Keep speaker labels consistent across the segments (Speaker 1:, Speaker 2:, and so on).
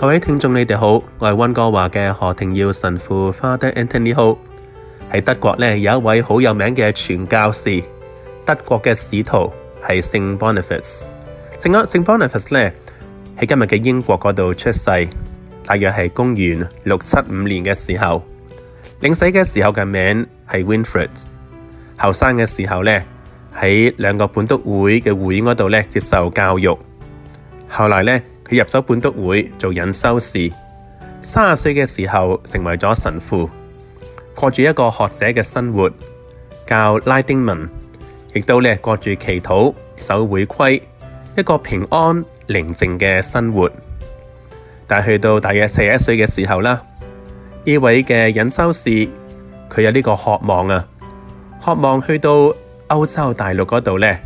Speaker 1: 各位聽眾，你哋好，我係溫哥華嘅何庭耀神父 Father Anthony Hope。喺德國呢，有一位好有名嘅傳教士，德國嘅使徒係聖 Boniface。聖聖 Boniface 呢，喺今日嘅英國嗰度出世，大約係公元六七五年嘅時候。領洗嘅時候嘅名係 Winfrid。後生嘅時候呢，喺兩個本篤會嘅會嗰度接受教育，後來呢。佢入咗本篤會做隱修士，三十歲嘅時候成為咗神父，過住一個學者嘅生活，教拉丁文，亦都咧過住祈禱、守會規，一個平安寧靜嘅生活。但係去到大約四十歲嘅時候啦，呢位嘅隱修士佢有呢個渴望啊，渴望去到歐洲大陸嗰度咧，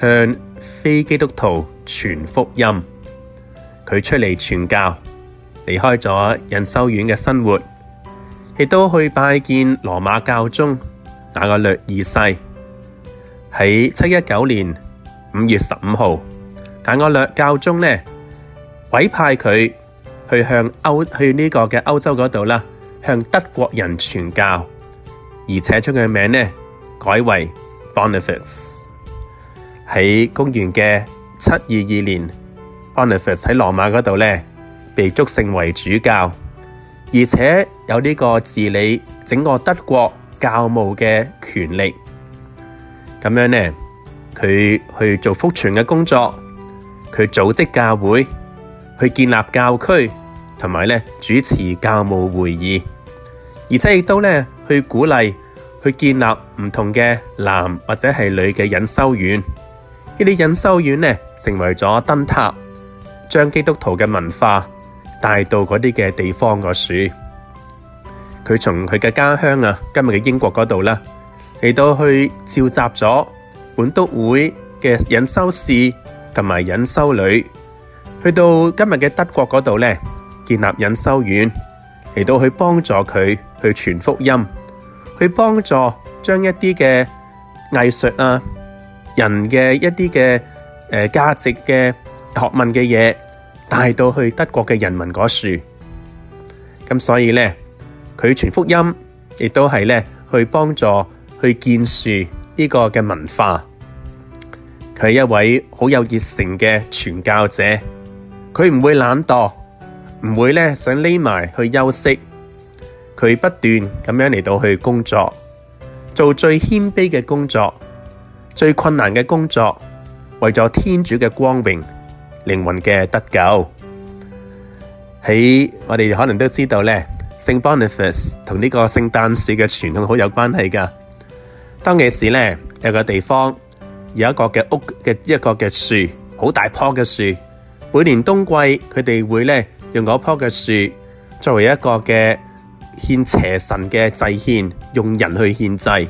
Speaker 1: 向非基督徒傳福音。佢出嚟傳教，離開咗隱修院嘅生活，亦都去拜見羅馬教宗額我略二世。喺七一九年五月十五號，額我略教宗呢，委派佢去向歐去呢個嘅歐洲嗰度啦，向德國人傳教，而且將佢名字呢改為 Boniface。喺公元嘅七二二年。Boniface 喺羅馬嗰度咧，被祝聖為主教，而且有呢個治理整個德國教務嘅權力。咁樣咧，佢去做福傳嘅工作，佢組織教會，去建立教區，同埋咧主持教務會議，而且亦都咧去鼓勵去建立唔同嘅男或者係女嘅隱修院。這些院呢啲隱修院咧，成為咗燈塔。將基督徒嘅文化帶到嗰啲嘅地方個處，佢從佢嘅家鄉啊，今日嘅英國嗰度啦，嚟到去召集咗本篤會嘅隱修士同埋隱修女，去到今日嘅德國嗰度咧，建立隱修院，嚟到去幫助佢去傳福音，去幫助將一啲嘅藝術啊，人嘅一啲嘅誒價值嘅。學問嘅嘢，帶到去德國嘅人民嗰樹，咁所以咧，佢傳福音亦都係咧去幫助去建樹呢個嘅文化。佢係一位好有熱誠嘅傳教者，佢唔會懶惰，唔會咧想匿埋去休息，佢不斷咁樣嚟到去工作，做最謙卑嘅工作，最困難嘅工作，為咗天主嘅光榮。靈魂嘅得救，喺我哋可能都知道咧，聖 Boniface 同呢個聖誕樹嘅傳統好有關係噶。當其時咧，有一個地方有一個嘅屋嘅一個嘅樹，好大棵嘅樹。每年冬季，佢哋會咧用嗰棵嘅樹作為一個嘅獻邪神嘅祭獻，用人去獻祭。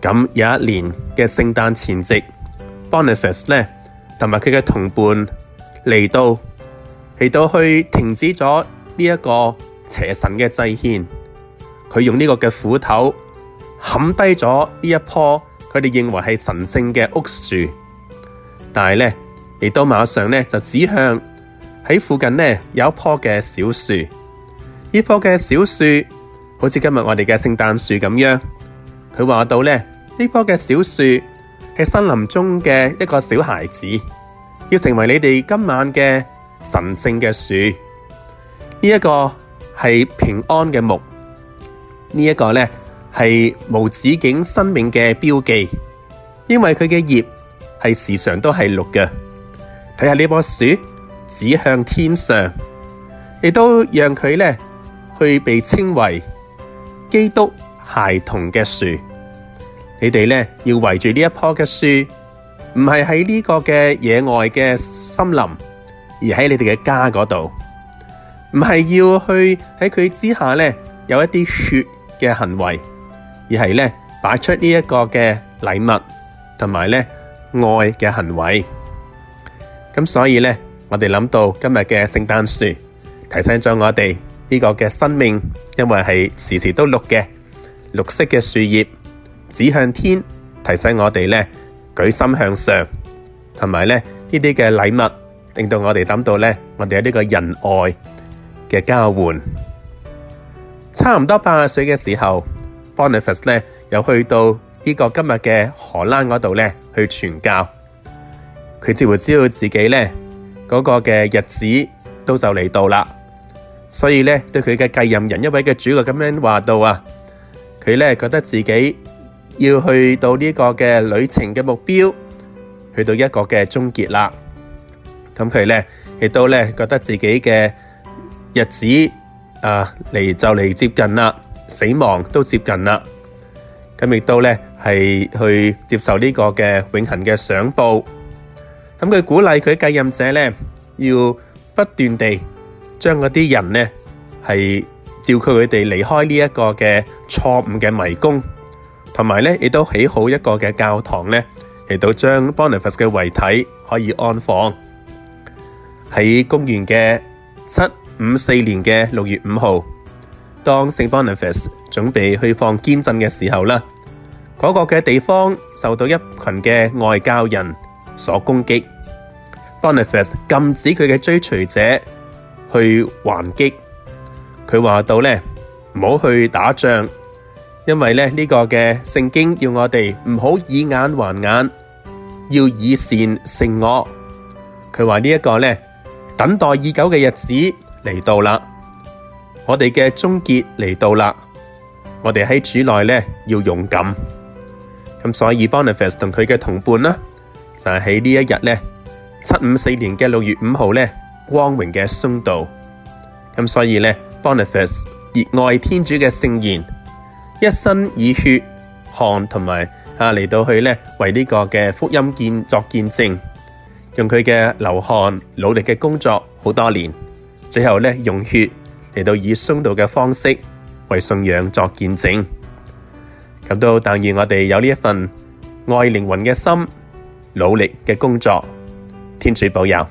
Speaker 1: 咁有一年嘅聖誕前夕，Boniface 同埋佢嘅同伴嚟到，嚟到去停止咗呢一個邪神嘅祭獻，佢用呢個嘅斧頭冚低咗呢一棵佢哋認為係神聖嘅屋樹，但係咧嚟到，馬上咧就指向喺附近呢有一棵嘅小樹，呢棵嘅小樹好似今日我哋嘅聖誕樹咁樣，佢話到咧呢棵嘅小樹。係森林中嘅一個小孩子，要成為你哋今晚嘅神聖嘅樹。呢、這、一個係平安嘅木，呢、這、一個呢係無止境生命嘅標記，因為佢嘅葉係時常都係綠嘅。睇下呢棵樹指向天上，亦都讓佢呢去被稱為基督孩童嘅樹。你哋咧要圍住呢一棵嘅樹，唔係喺呢個嘅野外嘅森林，而喺你哋嘅家嗰度，唔係要去喺佢之下咧有一啲血嘅行為，而係咧擺出呢一個嘅禮物，同埋咧愛嘅行為。咁所以咧，我哋諗到今日嘅聖誕樹，提醒咗我哋呢個嘅生命，因為係時時都綠嘅綠色嘅樹葉。指向天，提醒我哋咧舉心向上，同埋咧呢啲嘅禮物，令到我哋諗到咧我哋有呢個人愛嘅交換。差唔多八十歲嘅時候，Boniface 咧又去到呢個今日嘅荷蘭嗰度咧去傳教。佢似乎知道自己咧嗰個嘅日子都就嚟到啦，所以咧對佢嘅繼任人一位嘅主教咁樣話到啊，佢咧覺得自己。要去到呢個嘅旅程嘅目標，去到一個嘅終結啦。咁佢咧亦都咧覺得自己嘅日子啊嚟就嚟接近啦，死亡都接近啦。咁亦都咧係去接受呢個嘅永恆嘅賞報。咁佢鼓勵佢繼任者咧，要不斷地將嗰啲人咧係召佢佢哋離開呢一個嘅錯誤嘅迷宮。同埋咧，亦都起好一個嘅教堂咧，嚟到將 Boniface 嘅遺體可以安放喺公元嘅七五四年嘅六月五號。當聖 Boniface 準備去放堅振嘅時候呢嗰、嗰個嘅地方受到一群嘅外教人所攻擊。Boniface 禁止佢嘅追隨者去還擊，佢話到咧唔好去打仗。因為呢、呢個嘅聖經要我哋唔好以眼還眼，要以善勝惡。佢話呢一個呢，等待已久嘅日子嚟到啦，我哋嘅終結嚟到啦。我哋喺主內呢要勇敢。咁所以 Boniface 同佢嘅同伴呢就係、是、喺呢一日呢七五四年嘅六月五號呢光榮嘅殉道。咁所以呢 Boniface 熱愛天主嘅聖言。一生以血汗同埋嚟到去呢，為呢個嘅福音見作見證，用佢嘅流汗努力嘅工作好多年，最後呢用血嚟到以殉道嘅方式為信仰作見證。咁都但願我哋有呢一份愛靈魂嘅心，努力嘅工作，天主保佑。